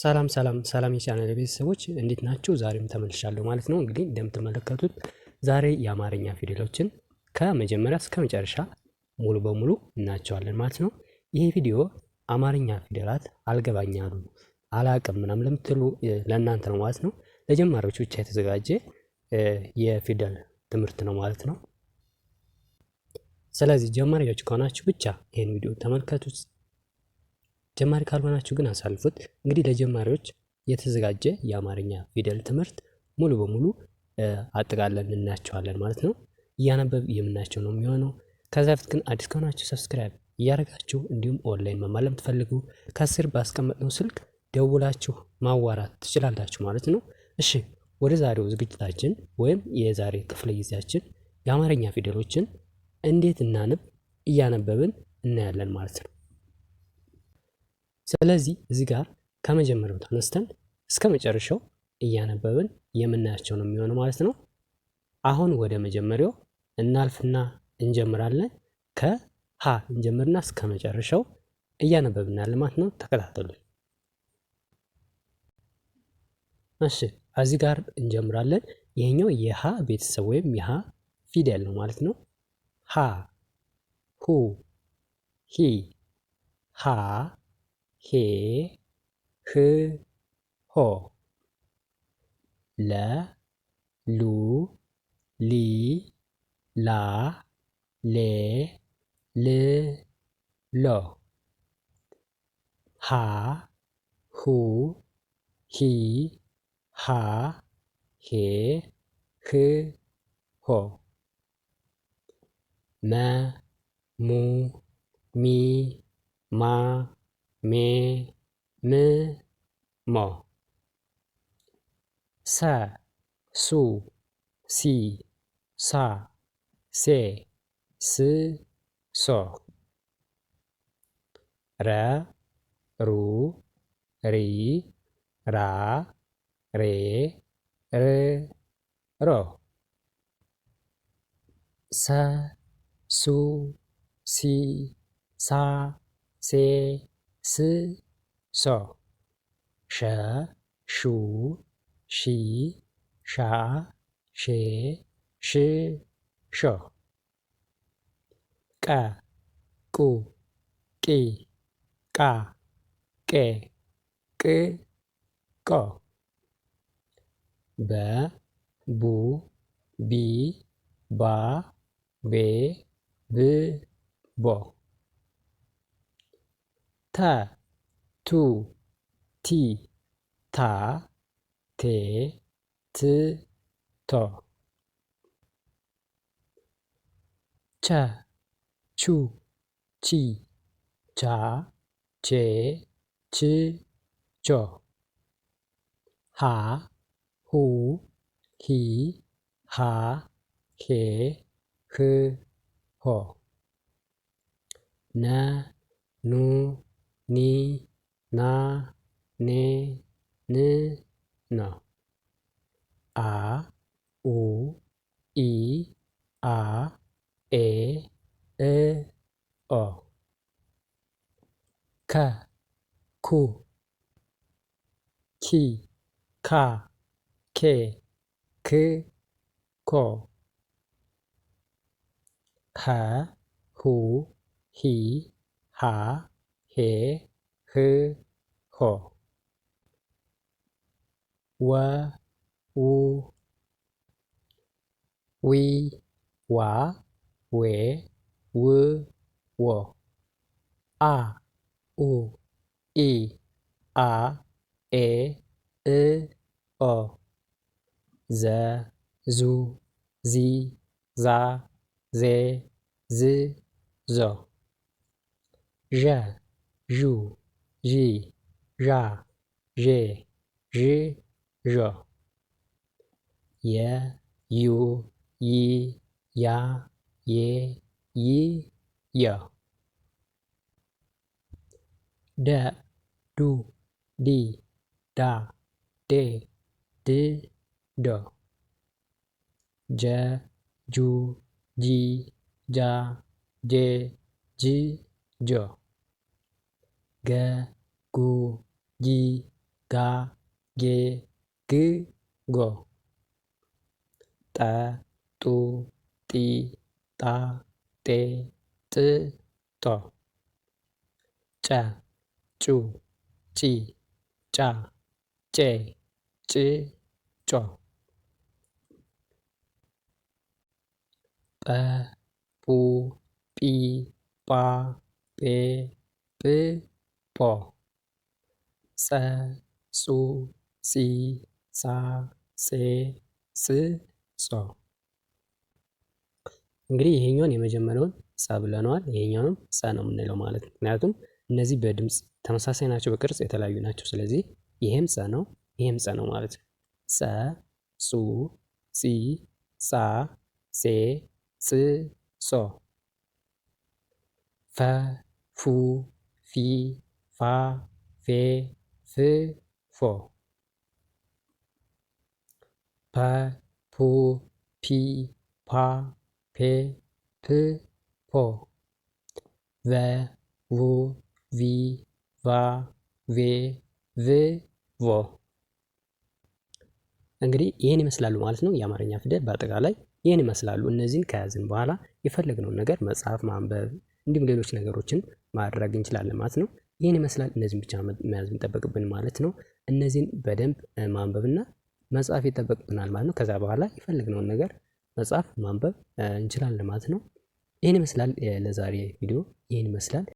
ሰላም ሰላም ሰላም የቻናል ቤተሰቦች እንዴት ናችሁ? ዛሬም ተመልሻለሁ ማለት ነው። እንግዲህ እንደምትመለከቱት ዛሬ የአማርኛ ፊደሎችን ከመጀመሪያ እስከ መጨረሻ ሙሉ በሙሉ እናቸዋለን ማለት ነው። ይህ ቪዲዮ አማርኛ ፊደላት አልገባኝ አሉ አላቅም ምናምን ለምትሉ ለእናንተ ነው ማለት ነው። ለጀማሪዎች ብቻ የተዘጋጀ የፊደል ትምህርት ነው ማለት ነው። ስለዚህ ጀማሪዎች ከሆናችሁ ብቻ ይህን ቪዲዮ ተመልከቱት። ጀማሪ ካልሆናችሁ ግን አሳልፉት። እንግዲህ ለጀማሪዎች የተዘጋጀ የአማርኛ ፊደል ትምህርት ሙሉ በሙሉ አጠቃለን እናያቸዋለን ማለት ነው። እያነበብ የምናያቸው ነው የሚሆነው። ከዛ በፊት ግን አዲስ ከሆናችሁ ሰብስክራይብ እያደረጋችሁ እንዲሁም ኦንላይን መማር ለምትፈልጉ ከስር ባስቀመጥነው ስልክ ደውላችሁ ማዋራት ትችላላችሁ ማለት ነው። እሺ ወደ ዛሬው ዝግጅታችን ወይም የዛሬ ክፍለ ጊዜያችን የአማርኛ ፊደሎችን እንዴት እናንብ እያነበብን እናያለን ማለት ነው። ስለዚህ እዚህ ጋር ከመጀመሪያው ተነስተን እስከ መጨረሻው እያነበብን የምናያቸው ነው የሚሆነው ማለት ነው። አሁን ወደ መጀመሪያው እናልፍና እንጀምራለን። ከሀ እንጀምርና እስከ መጨረሻው እያነበብናል ማለት ነው። ተከታተሉኝ። እሺ እዚህ ጋር እንጀምራለን። ይሄኛው የሀ ቤተሰብ ወይም የሀ ፊደል ነው ማለት ነው። ሀ ሁ ሂ ሃ เหคือโหและ หลู หลีหลา เล เลโอหล่หาหูหีหาเหคือโแมมู มี มา ሜ ም ሞ ሰ ሱ ሲ ሳ ሴ ስ ሶ ረ ሩ ሪ ራ ሬ ር ሮ ሰ ሱ ሲ ሳ ሴ ስ ሶ ሸ ሹ ሺ ሻ ሼ ሽ ሾ ቀ ቁ ቂ ቃ ቄ ቅ ቆ በ ቡ ቢ ባ ቤ ብ ቦ ተ ቱ ቲ ታ ቴ ት ቶ ቸ ቹ ቺ ቻ ቼ ች ቾ ሃ ሁ ሂ ሃ ሄ ህ ሆ ነ ኑ ኒ ና ኔ ን ነው። አ ኡ ኢ አ ኤ እ ኦ ከ ኩ ኪ ካ ኬ ክ ኮ ኸ ሁ ሂ ሃ ሄ ህ ሆ ወ ው ዊ ዋ ዌ ው ዎ አ ኡ ኢ አ ኤ እ ኦ ዘ ዙ ዚ ዛ ዜ ዝ ዞ ዠ ዡ ዢ ዣ ዤ ዥ ዦ የ ዩ ይ ያ ዬ ይ የ ደ ዱ ዲ ዳ ዴ ድ ዶ ጀ ጁ ጂ ጃ ጄ ጅ ጆ ገ ጉ ጊ ጋ ጌ ግ ጎ ጠ ጡ ጢ ጣ ጤ ጥ ጦ ጨ ጩ ጪ ጫ ጬ ጭ ጮ ጰ ጱ ጲ ጳ ጴ ጵ ፖ ፀ ጹ ጺ ጻ ጼ ስ ጾ እንግዲህ ይሄኛውን የመጀመሪያውን ጸ ብለነዋል። ይሄኛውንም ጸ ነው የምንለው ማለት ነው። ምክንያቱም እነዚህ በድምፅ ተመሳሳይ ናቸው፣ በቅርጽ የተለያዩ ናቸው። ስለዚህ ይሄም ጸ ነው፣ ይሄም ጸ ነው ማለት ነው። ጸ ጹ ጺ ጻ ጼ ጽ ጾ ፈ ፉ ፊ ፋ ፌ ፍ ፎ ፐ ፑ ፒ ፓ ፔ ፕ ፖ ቨ ቡ ቪ ቫ ቬ ቭ ቮ እንግዲህ ይህን ይመስላሉ ማለት ነው። የአማርኛ ፊደል በአጠቃላይ ይህን ይመስላሉ። እነዚህን ከያዝን በኋላ የፈለግነውን ነገር መጽሐፍ ማንበብ እንዲሁም ሌሎች ነገሮችን ማድረግ እንችላለን ማለት ነው። ይህን ይመስላል። እነዚህን ብቻ መያዝ የሚጠበቅብን ማለት ነው። እነዚህን በደንብ ማንበብና መጻፍ ይጠበቅብናል ማለት ነው። ከዛ በኋላ የፈለግነውን ነገር መጻፍ ማንበብ እንችላለን ማለት ነው። ይህን ይመስላል ለዛሬ ቪዲዮ ይህን ይመስላል።